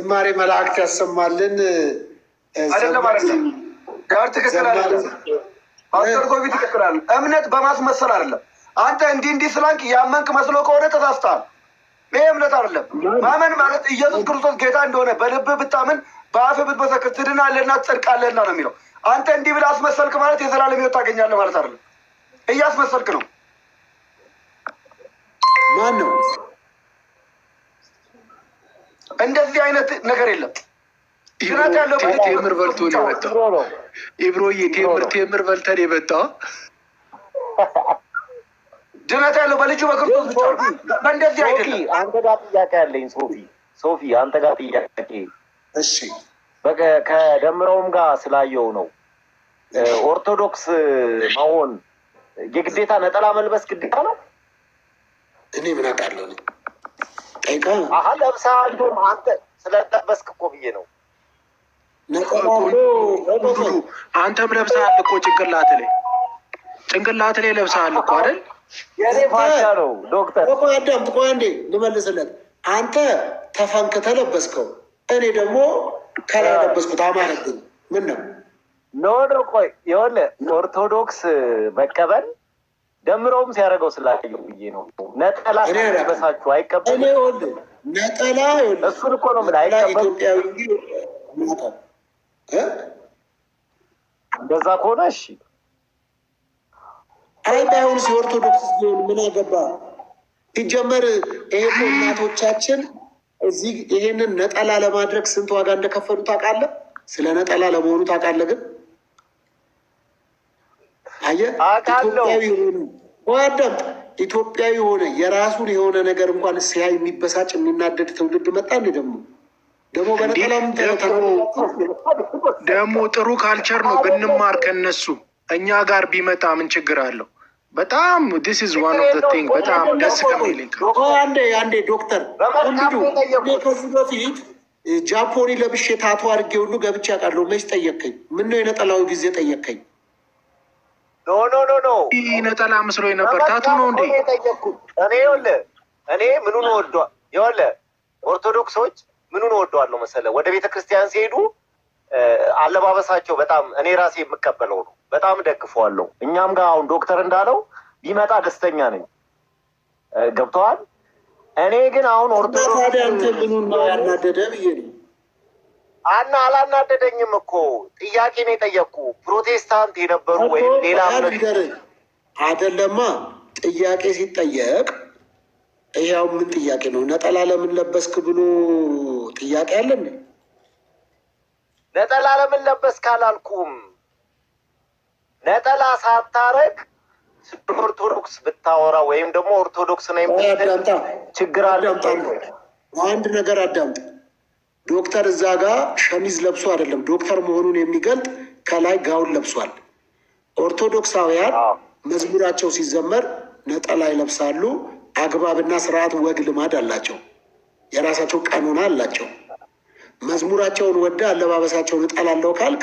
ዝማሬ መላእክት ያሰማልን። ጋር ትክክል አይደለም። ትክክል አይደለም። እምነት በማስመሰል አይደለም። አንተ እንዲህ እንዲህ ስላንክ ያመንክ መስሎ ከሆነ ተሳስተሃል። ይህ እምነት አይደለም። ማመን ማለት ኢየሱስ ክርስቶስ ጌታ እንደሆነ በልብህ ብታምን በአፍህ ብትመሰክር ትድናለህና ትጸድቃለህና ነው የሚለው። አንተ እንዲህ ብለህ አስመሰልክ ማለት የዘላለም ሕይወት ታገኛለህ ማለት አይደለም። እያስመሰልክ ነው። ማን ነው? እንደዚህ አይነት ነገር የለም። ግራት ያለው ቴምር በልቶ ነው የመጣው። ኢብሮዬ ቴምር ቴምር በልተን የመጣ ድነት ያለው በልጁ በክርስቶስ ብቻ በእንደዚህ አይደለም። አንተ ጋር ጥያቄ ያለኝ ሶፊ ሶፊ አንተ ጋር ጥያቄ እሺ፣ ከደምረውም ጋር ስላየው ነው ኦርቶዶክስ መሆን የግዴታ ነጠላ መልበስ ግዴታ ነው። እኔ ምን አውቃለሁ ጠይቃ ለብሳ እንዲሁም አንተ ስለለበስክ እኮ ብዬ ነው። አንተም ለብሰሃል እኮ ጭንቅላት ላይ ጭንቅላት ላይ ለብሰሃል እኮ አይደል? የኔ ፋሻ ነው ዶክተር። ቆይ አዳም ቆይ አንዴ ልመልስለት። አንተ ተፈንክተ ተለበስከው፣ እኔ ደግሞ ከላይ ለበስኩት። አማረብኝ። ምን ነው ኖ ቆይ የሆነ ኦርቶዶክስ መቀበል ጀምረውም ሲያደርገው ስላየው ብዬ ነው። ነጠላ ሲበሳችሁ አይቀበልም። ነጠላ እሱን እኮ ነው ምን አይቀበልም። እንደዛ ከሆነ እሺ። አይ ባይሆንስ የኦርቶዶክስ ቢሆን ምን አገባ? ሲጀመር ይሄ እናቶቻችን እዚህ ይሄንን ነጠላ ለማድረግ ስንት ዋጋ እንደከፈሉ ታውቃለህ? ስለ ነጠላ ለመሆኑ ታውቃለህ ግን አየህ ሆነ ኢትዮጵያዊ የሆነ የራሱን የሆነ ነገር እንኳን ሲያይ የሚበሳጭ የሚናደድ ትውልድ መጣ ደግሞ ደግሞ ደግሞ ጥሩ ካልቸር ነው ብንማር ከነሱ እኛ ጋር ቢመጣ ምን ችግር አለው? በጣም ዲስ ኢዝ ዋን ኦፍ ዘ ቲንግ በጣም ደስ ከሚልኝ አንዴ አንዴ ዶክተር በፊት ጃፖኒ ለብሼ ታቶ አድርጌ ሁሉ ገብቼ አውቃለሁ። መች ምን ነው የነጠላው ጊዜ ጠየከኝ ኖ ኖ ኖ ኖ ነጠላ ምስሎ ነበር። ታቱ ነው እንዴ? እኔ ወለ እኔ ምኑን ወዷ የለ ኦርቶዶክሶች ምኑን ወደዋለሁ መሰለ ወደ ቤተ ክርስቲያን ሲሄዱ አለባበሳቸው በጣም እኔ ራሴ የምቀበለው ነው። በጣም ደግፈዋለሁ። እኛም ጋር አሁን ዶክተር እንዳለው ቢመጣ ደስተኛ ነኝ። ገብተዋል። እኔ ግን አሁን ኦርቶዶክስ ያናደደ ብዬ ነው አና አላናደደኝም እኮ ጥያቄ ነው የጠየቅኩ። ፕሮቴስታንት የነበሩ ወይም ሌላ አደለማ። ጥያቄ ሲጠየቅ ይሄው ምን ጥያቄ ነው? ነጠላ ለምን ለበስክ ብሎ ጥያቄ አለን። ነጠላ ለምን ለበስክ አላልኩም። ነጠላ ሳታረግ ኦርቶዶክስ ብታወራ ወይም ደግሞ ኦርቶዶክስ ነው ችግር አለ። አንድ ነገር አዳምጥ ዶክተር እዛ ጋ ሸሚዝ ለብሶ አይደለም ዶክተር መሆኑን የሚገልጥ ከላይ ጋውን ለብሷል። ኦርቶዶክሳውያን መዝሙራቸው ሲዘመር ነጠላ ይለብሳሉ። አግባብና ስርዓት፣ ወግ፣ ልማድ አላቸው። የራሳቸው ቀኖና አላቸው። መዝሙራቸውን ወደ አለባበሳቸውን አለው ካልክ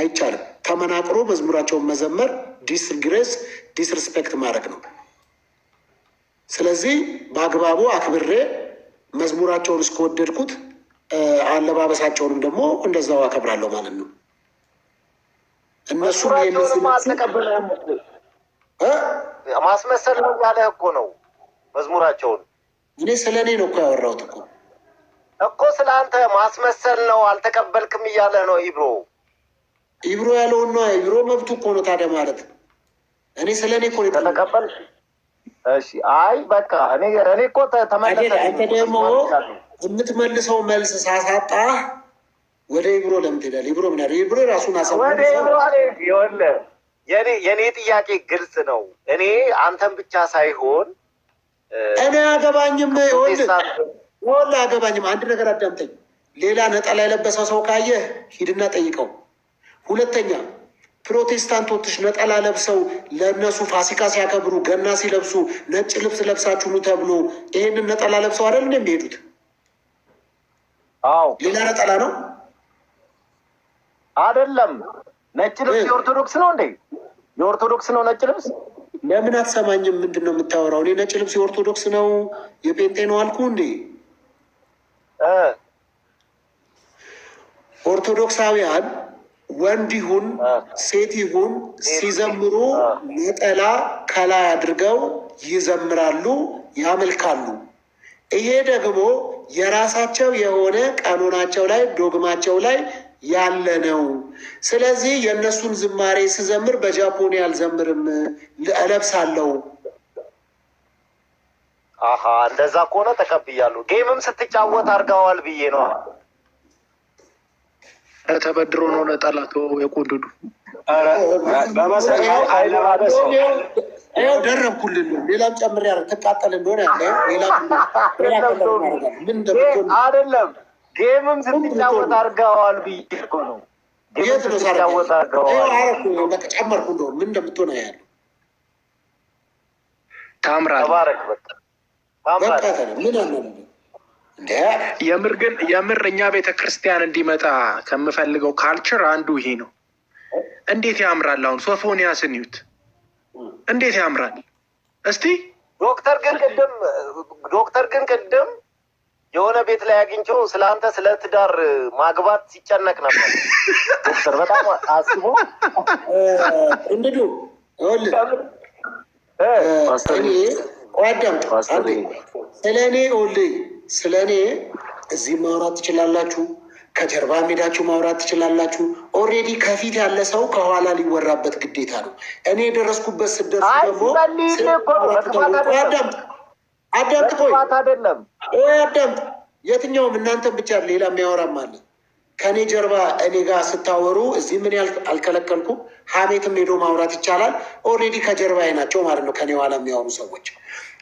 አይቻልም። ተመናቅሮ መዝሙራቸውን መዘመር ዲስግሬስ ዲስሪስፔክት ማድረግ ነው። ስለዚህ በአግባቡ አክብሬ መዝሙራቸውን እስከወደድኩት አለባበሳቸውንም ደግሞ እንደዛው አከብራለሁ ማለት ነው። እነሱ ማስመሰል ነው ያለ እኮ ነው መዝሙራቸውን። እኔ ስለ እኔ ነው እኮ ያወራሁት እኮ እኮ ስለ አንተ ማስመሰል ነው አልተቀበልክም እያለ ነው ኢብሮ። ኢብሮ ያለውን ነው ኢብሮ መብቱ እኮ ነው ታዲያ ማለት እኔ ስለ እኔ እኮ ተቀበል። እሺ አይ በቃ እኔ እኔ እኮ ተመለሰ ደግሞ የምትመልሰው መልስ ሳሳጣ ወደ ኢብሮ ለምን ትሄዳለህ? ኢብሮ ምን ያደርግ? ኢብሮ ራሱን ወደ ኢብሮ የእኔ ጥያቄ ግልጽ ነው። እኔ አንተን ብቻ ሳይሆን እኔ አገባኝም ወላ አገባኝም። አንድ ነገር አዳምጠኝ። ሌላ ነጠላ የለበሰው ሰው ካየህ ሂድና ጠይቀው። ሁለተኛ ፕሮቴስታንቶች ነጠላ ለብሰው ለእነሱ ፋሲካ ሲያከብሩ ገና ሲለብሱ ነጭ ልብስ ለብሳችሁኑ ተብሎ ይህንን ነጠላ ለብሰው አይደል እንደሚሄዱት ሌላ ነጠላ ነው አይደለም። ነጭ ልብስ የኦርቶዶክስ ነው እንዴ? የኦርቶዶክስ ነው ነጭ ልብስ። ለምን አትሰማኝም? ምንድን ነው የምታወራው? እኔ ነጭ ልብስ የኦርቶዶክስ ነው የጴንጤ ነው አልኩ እንዴ? ኦርቶዶክሳውያን ወንድ ይሁን ሴት ይሁን ሲዘምሩ ነጠላ ከላይ አድርገው ይዘምራሉ፣ ያመልካሉ። ይሄ ደግሞ የራሳቸው የሆነ ቀኖናቸው ላይ ዶግማቸው ላይ ያለ ነው። ስለዚህ የእነሱን ዝማሬ ስዘምር በጃፖኒ አልዘምርም፣ እለብሳለሁ። አሀ እንደዛ ከሆነ ተቀብያለሁ። ጌምም ስትጫወት አድርገዋል ብዬ ነው። ተበድሮ ነው ነጠላቶ የቆንድዱ ያው ደረብኩልን። ሌላም ጨምር ያረ ተቃጠል እንደሆነ ያለ አይደለም። ጌምም ስትጫወት አድርገዋል ብዬ እኮ ነው። ጌም ጨመርኩ እንደሆነ ምን እንደምትሆነ ያለ የምር ግን የምር እኛ ቤተ ክርስቲያን እንዲመጣ ከምፈልገው ካልቸር አንዱ ይሄ ነው። እንዴት ያምራል! አሁን ሶፎንያስን እዩት። እንዴት ያምራል! እስቲ ዶክተር ግን ቅድም ዶክተር ግን ቅድም የሆነ ቤት ላይ አግኝቼው ስለ አንተ ስለ ትዳር ማግባት ሲጨነቅ ነበር። ዶክተር በጣም አስቦ እንድዱ ስለ እኔ ኦልይ ስለ እኔ እዚህ ማውራት ትችላላችሁ ከጀርባ ሄዳችሁ ማውራት ትችላላችሁ። ኦሬዲ ከፊት ያለ ሰው ከኋላ ሊወራበት ግዴታ ነው። እኔ የደረስኩበት ስደርስ ደግሞ የትኛውም እናንተን ብቻ ሌላ የሚያወራም አለ ከእኔ ጀርባ እኔ ጋር ስታወሩ እዚህ ምን አልከለከልኩም። ሀሜትም ሄዶ ማውራት ይቻላል። ኦሬዲ ከጀርባዬ ናቸው ማለት ነው ከኔ ኋላ የሚያወሩ ሰዎች።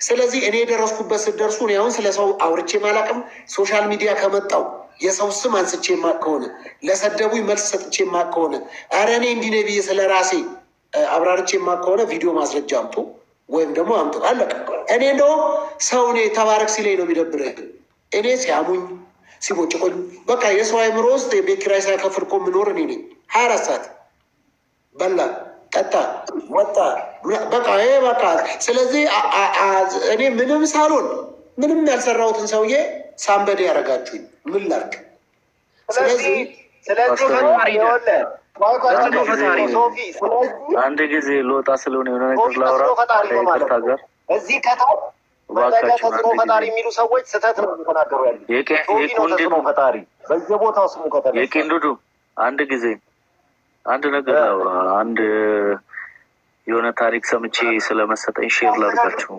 ስለዚህ እኔ የደረስኩበት ስደርሱ እኔ አሁን ስለ ሰው አውርቼ ማላቅም ሶሻል ሚዲያ ከመጣው የሰው ስም አንስቼ ማቅ ከሆነ ለሰደቡ መልስ ሰጥቼ ማቅ ከሆነ ኧረ እኔ እንዲህ ነኝ ብዬ ስለ ራሴ አብራርቼ ማቅ ከሆነ ቪዲዮ ማስረጃ አምጡ ወይም ደግሞ አምጡ። አለቀ። እኔ እንደውም ሰው እኔ ተባረክ ሲለኝ ነው የሚደብረ። እኔ ሲያሙኝ ሲቦጭቆኝ፣ በቃ የሰው አይምሮ ውስጥ የቤት ኪራይ ሳይከፍል እኮ የምኖር እኔ ነኝ። ሀያ አራት ሰዓት በላ ጠጣ ወጣ በቃ ይሄ በቃ። ስለዚህ እኔ ምንም ሳልሆን ምንም ያልሰራሁትን ሰውዬ ሳንበዴ ያደርጋችሁኝ። ምን ላድርግ? አንድ ጊዜ ልወጣ ስለሆነ የሆነ ነገር ላውራ ጋር እዚህ ተጽዕኖ ፈጣሪ የሚሉ ሰዎች ስህተት ነው የተናገሩ ያሉ። ተጽዕኖ ፈጣሪ በየቦታው ስሙ ከተነሳ የቄንዱዱ አንድ ጊዜ አንድ ነገር ላውራ አንድ የሆነ ታሪክ ሰምቼ ስለመሰጠኝ ሼር ላድርጋችሁ።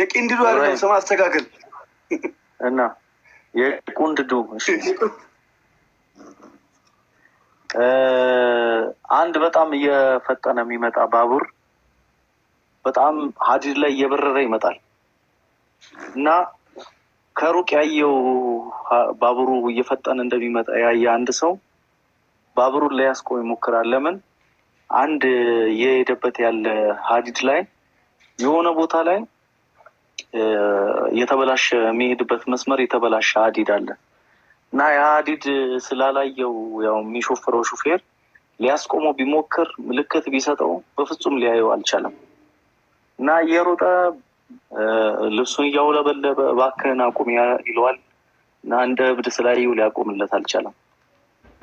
የቂንድዱ አለ ሰው ማስተካከል እና የቁንድዱ አንድ በጣም እየፈጠነ የሚመጣ ባቡር በጣም ሀዲድ ላይ እየበረረ ይመጣል እና ከሩቅ ያየው ባቡሩ እየፈጠነ እንደሚመጣ ያየ አንድ ሰው ባቡሩን ሊያስቆም ይሞክራል። ለምን አንድ የሄደበት ያለ ሀዲድ ላይ የሆነ ቦታ ላይ የተበላሸ የሚሄድበት መስመር የተበላሸ ሀዲድ አለ እና ያ ሀዲድ ስላላየው ያው የሚሾፍረው ሹፌር ሊያስቆመው ቢሞክር ምልክት ቢሰጠው በፍጹም ሊያየው አልቻለም እና እየሮጠ ልብሱን እያውለበለበ እባክህን አቁም ይለዋል እና እንደ እብድ ስላየው ሊያቆምለት አልቻለም።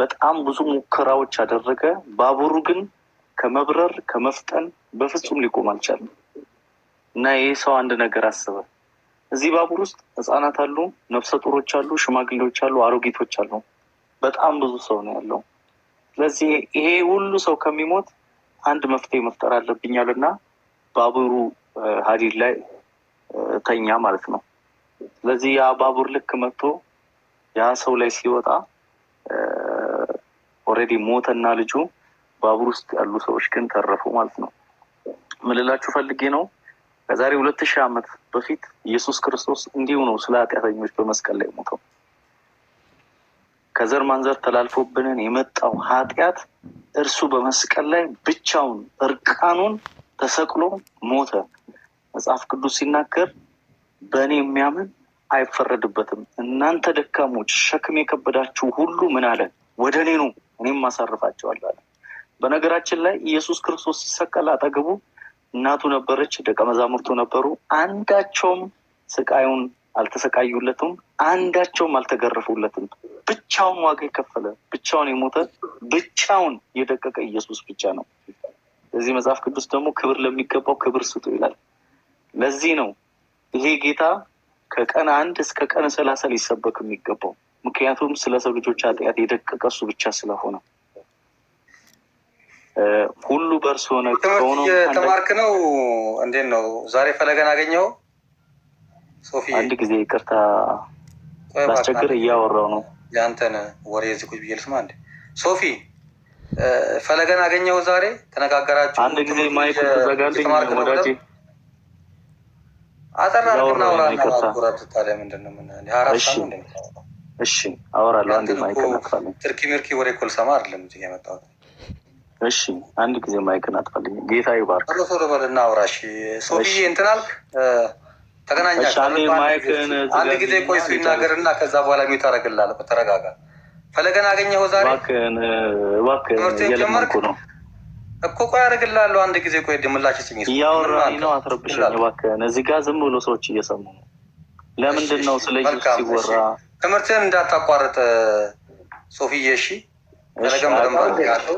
በጣም ብዙ ሙከራዎች አደረገ። ባቡሩ ግን ከመብረር ከመፍጠን በፍጹም ሊቆም አልቻለም። እና ይህ ሰው አንድ ነገር አስበ እዚህ ባቡር ውስጥ ህጻናት አሉ፣ ነፍሰ ጡሮች አሉ፣ ሽማግሌዎች አሉ፣ አሮጊቶች አሉ። በጣም ብዙ ሰው ነው ያለው። ስለዚህ ይሄ ሁሉ ሰው ከሚሞት አንድ መፍትሄ መፍጠር አለብኛል እና ባቡሩ ሀዲድ ላይ ተኛ ማለት ነው። ስለዚህ ያ ባቡር ልክ መጥቶ ያ ሰው ላይ ሲወጣ ኦልሬዲ ሞተና ልጁ፣ ባቡር ውስጥ ያሉ ሰዎች ግን ተረፉ ማለት ነው። ምልላችሁ ፈልጌ ነው። ከዛሬ ሁለት ሺህ ዓመት በፊት ኢየሱስ ክርስቶስ እንዲሁ ነው ስለ ኃጢአተኞች በመስቀል ላይ ሞተው ከዘር ማንዘር ተላልፎብንን የመጣው ኃጢአት እርሱ በመስቀል ላይ ብቻውን እርቃኑን ተሰቅሎ ሞተ። መጽሐፍ ቅዱስ ሲናገር በእኔ የሚያምን አይፈረድበትም፣ እናንተ ደካሞች ሸክም የከበዳችሁ ሁሉ ምን አለ ወደ እኔ ነው እኔም ማሳርፋቸዋለሁ አለ። በነገራችን ላይ ኢየሱስ ክርስቶስ ሲሰቀል አጠገቡ እናቱ ነበረች፣ ደቀ መዛሙርቱ ነበሩ። አንዳቸውም ስቃዩን አልተሰቃዩለትም፣ አንዳቸውም አልተገረፉለትም። ብቻውን ዋጋ የከፈለ ብቻውን የሞተ ብቻውን የደቀቀ ኢየሱስ ብቻ ነው። እዚህ መጽሐፍ ቅዱስ ደግሞ ክብር ለሚገባው ክብር ስጡ ይላል። ለዚህ ነው ይሄ ጌታ ከቀን አንድ እስከ ቀን ሰላሳ ሊሰበክ የሚገባው ምክንያቱም ስለ ሰው ልጆች ኃጢአት የደቀቀ እሱ ብቻ ስለሆነ ሁሉ በእርሱ ሆነ። ተማርክ ነው። እንዴት ነው ዛሬ ፈለገን አገኘው? ሶፊ አንድ ጊዜ ይቅርታ ላስቸግር፣ እያወራው ነው። የአንተን ወሬ እዚህ ቁጭ ብዬ ልስማ። እንደ ሶፊ ፈለገን አገኘው ዛሬ ተነጋገራችሁ? አንድ ጊዜ ማይክ ተዘጋልኝ ወዳጅ አጠራርና ውራናራት ታዲያ ምንድን ነው የምናየው? እሺ እሺ፣ አወራለሁ። አንድ ማይክ ነቅፋለሁ። ትርኪ ምርኪ ወሬ ኮልሰማ ልሰማ አይደለም እዚህ የመጣሁት እሺ አንድ ጊዜ ማይክን አጥፋልኝ። ጌታ ይባርክ። ቶሎ ቶሎ በል እናውራሽ። ሶፊዬ እንትን አልክ ተገናኛችሁ። አንድ ጊዜ ቆይ እሱ ይናገርና ከዛ በኋላ ሚውት አደርግልሃለሁ። በተረጋጋ ፈለገን አገኘኸው ዛሬ? ትምህርቴን ጀመርክ እኮ ቆይ አደርግልሃለሁ። አንድ ጊዜ ቆይ ድምላች ስኝ እያወራኝ ነው። አትረብሽኝ እባክህን። እዚህ ጋር ዝም ብሎ ሰዎች እየሰሙ ነው። ለምንድን ነው ስለ ሲወራ ትምህርትን እንዳታቋርጥ ሶፊዬ? እሺ ፈለገን ለምባ ያለው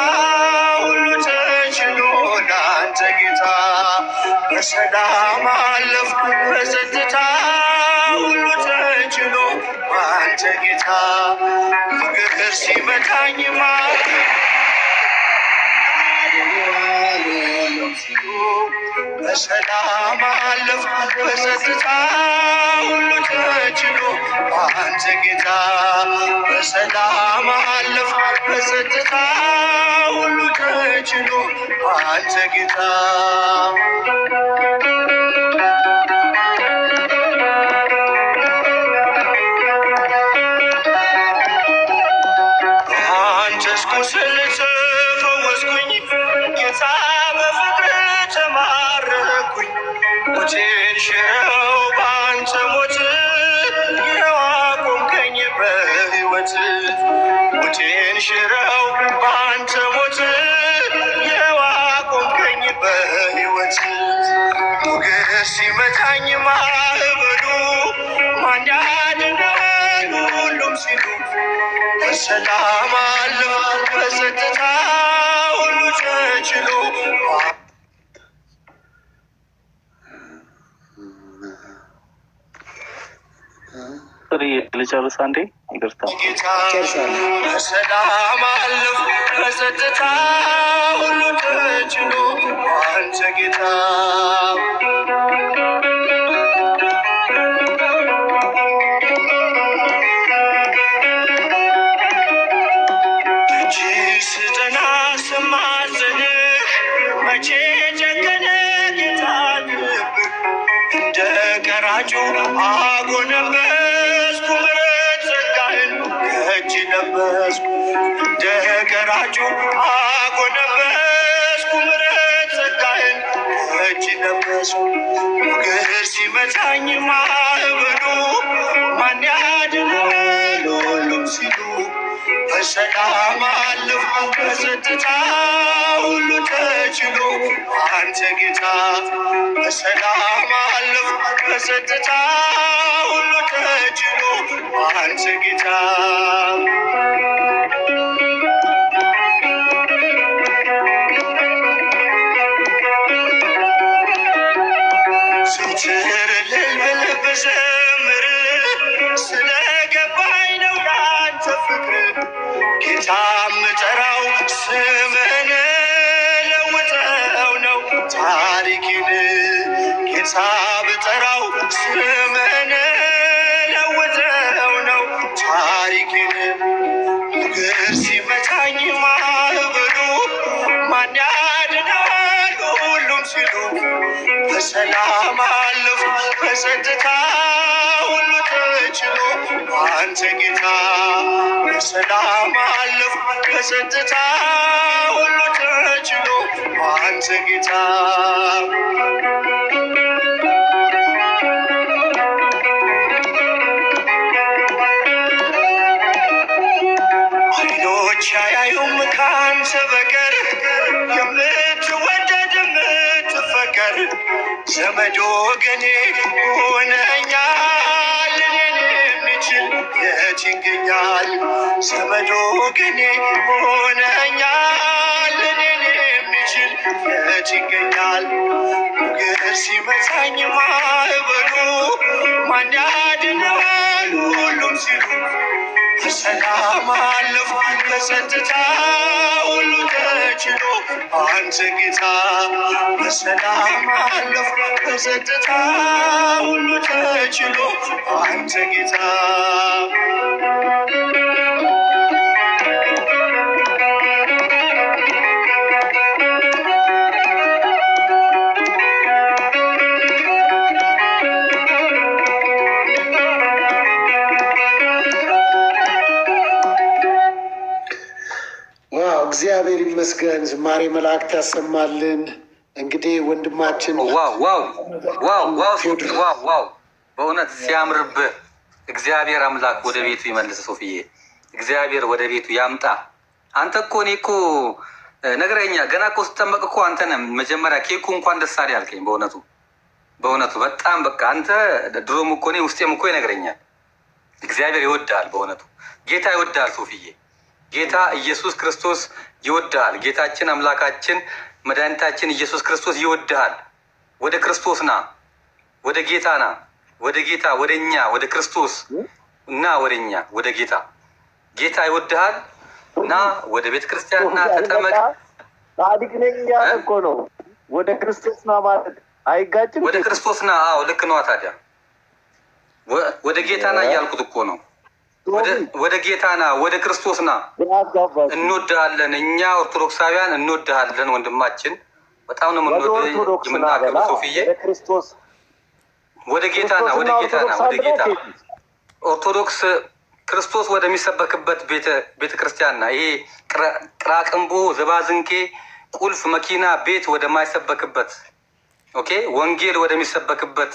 በሰላም አለፍኩ በጸጥታ ሁሉ ተችሎ አንተ ጌታ ፍቅር ሲመታኝ በሰላም አለፍኩ በጸጥታ አንተ ጌታ በሰላም አለፍ በጸጥታ ሁሉ ተችሎ አንተ ጌታ ሲመታኝ ማዕበሉ ማን ያድነኝ ሁሉም ሲሉ በሰላም አለው በጸጥታ ሁሉ ተችሎ ልጨርስ አንዴ ይቅርታ። በሰላም አለው በጸጥታ ሁሉ ተችሎ አንተ ጌታ በእጁ አጎነበስኩ ምሕረት ጸጋህን እጅ ለበሱ ችግር ሲመታኝ ማዕበሉ ማን ያድናል ሁሉም ሲሉ በሰላም አለፍኩ በጸጥታ ሁሉ ተችሎ አንተ ጌታ በሰላም አለፍኩ በጸጥታ ሁሉ ተችሎ አንተ ጌታ ሳብጠራው ስምህን ለውጠው ነው ታሪክን ነገር ሲመታኝ ማህበሩ ማን ያድናል ሁሉም ሲሉ በሰላም አለፉ በጸጥታ ሁሉ ተችሎ አንተ ጌታ በሰላም አለፉ በጸጥታ ሁሉ ተችሎ አንተ ጌታ ዘመዶ ወገኔ ሆነኛል እኔን የሚችል የት ይገኛል? ዘመዶ ወገኔ ሆነኛል እኔን የሚችል የት ይገኛል? ችግር ሲበዛኝ ማዕበሉ ማን ያድናል ሁሉም ሲሉ በሰላም አለፏል በጸጥታ ሁሉ ተችሎ አንተ ጌታ በሰላም አለፍኩ በጸጥታ ሁሉ ተችሎ አንተ ጌታ ይመስገን። ዝማሬ መላእክት ያሰማልን። እንግዲህ ወንድማችን ዋው በእውነት ሲያምርብህ እግዚአብሔር አምላክ ወደ ቤቱ ይመልስ። ሶፍዬ እግዚአብሔር ወደ ቤቱ ያምጣ። አንተ እኮ እኔ እኮ ነገረኛ ገና እኮ ስጠመቅ እኮ አንተ ነህ መጀመሪያ ኬኩ እንኳን ደስ አለ ያልከኝ። በእውነቱ በእውነቱ በጣም በቃ አንተ ድሮም እኮ እኔ ውስጤም እኮ ይነግረኛል። እግዚአብሔር ይወዳል። በእውነቱ ጌታ ይወዳል ሶፍዬ ጌታ ኢየሱስ ክርስቶስ ይወድሃል። ጌታችን አምላካችን መድኃኒታችን ኢየሱስ ክርስቶስ ይወድሃል። ወደ ክርስቶስ ና፣ ወደ ጌታ ና፣ ወደ ጌታ ወደ እኛ ወደ ክርስቶስ እና ወደ እኛ ወደ ጌታ ጌታ ይወድሃል። ና ወደ ቤተ ክርስቲያን ና፣ ተጠመቅ። ጻድቅ ነኝ እያለ እኮ ነው። ወደ ክርስቶስ ና ማለት አይጋጭም። ወደ ክርስቶስ ና። አዎ ልክ ነዋ። ታዲያ ወደ ጌታ ና እያልኩት እኮ ነው። ወደ ጌታ ና፣ ወደ ክርስቶስ ና። እንወድሃለን፣ እኛ ኦርቶዶክሳውያን እንወድሃለን ወንድማችን፣ በጣም ነው የምንወድ ሶፍዬ። ወደ ጌታ ና፣ ወደ ጌታ ና፣ ወደ ጌታ ኦርቶዶክስ ክርስቶስ ወደሚሰበክበት ቤተ ክርስቲያን ና። ይሄ ቅራቅንቦ፣ ዘባዝንኬ፣ ቁልፍ መኪና ቤት ወደማይሰበክበት ኦኬ ወንጌል ወደሚሰበክበት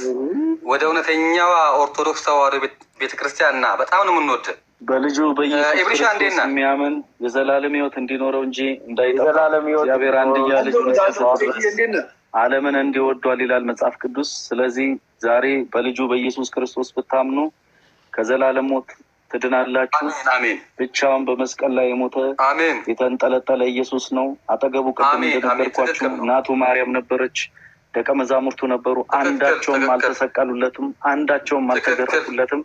ወደ እውነተኛዋ ኦርቶዶክስ ተዋህዶ ቤተክርስቲያን ና። በጣም ነው የምንወድ በልጁ በኢየሱስ ክርስቶስ የሚያምን የዘላለም ሕይወት እንዲኖረው እንጂ እንዳይጠፋ እግዚአብሔር አንድያ ልጁን ዓለምን እንዲወዷል ይላል መጽሐፍ ቅዱስ። ስለዚህ ዛሬ በልጁ በኢየሱስ ክርስቶስ ብታምኑ ከዘላለም ሞት ትድናላችሁ። ብቻውን በመስቀል ላይ የሞተ የተንጠለጠለ ኢየሱስ ነው። አጠገቡ ቅድም እንደነገርኳችሁ እናቱ ማርያም ነበረች። ደቀ መዛሙርቱ ነበሩ። አንዳቸውም አልተሰቀሉለትም፣ አንዳቸውም አልተገረፉለትም።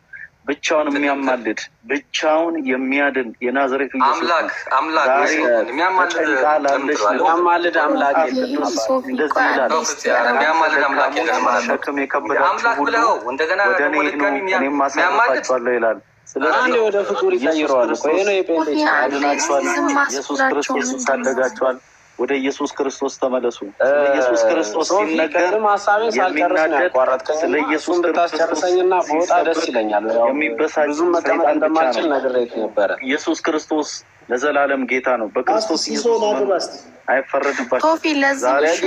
ብቻውን የሚያማልድ ብቻውን የሚያድን የናዝሬት አምላክ አምላክ ይላል። ስለዚህ ወደ ፍጡር ይቀይረዋል። ኢየሱስ ክርስቶስ ይታደጋችኋል። ወደ ኢየሱስ ክርስቶስ ተመለሱ። ስለ ኢየሱስ ክርስቶስ ሲነገር የሚናደድ ስለ ኢየሱስ ብታስጨርሰኝና በወጣ ደስ ይለኛል። የሚበሳጭ ሰይጣን ብቻ ነው። ኢየሱስ ክርስቶስ ለዘላለም ጌታ ነው። በክርስቶስ ኢየሱስ አይፈረድባቸው። ኮፊ ለዚህ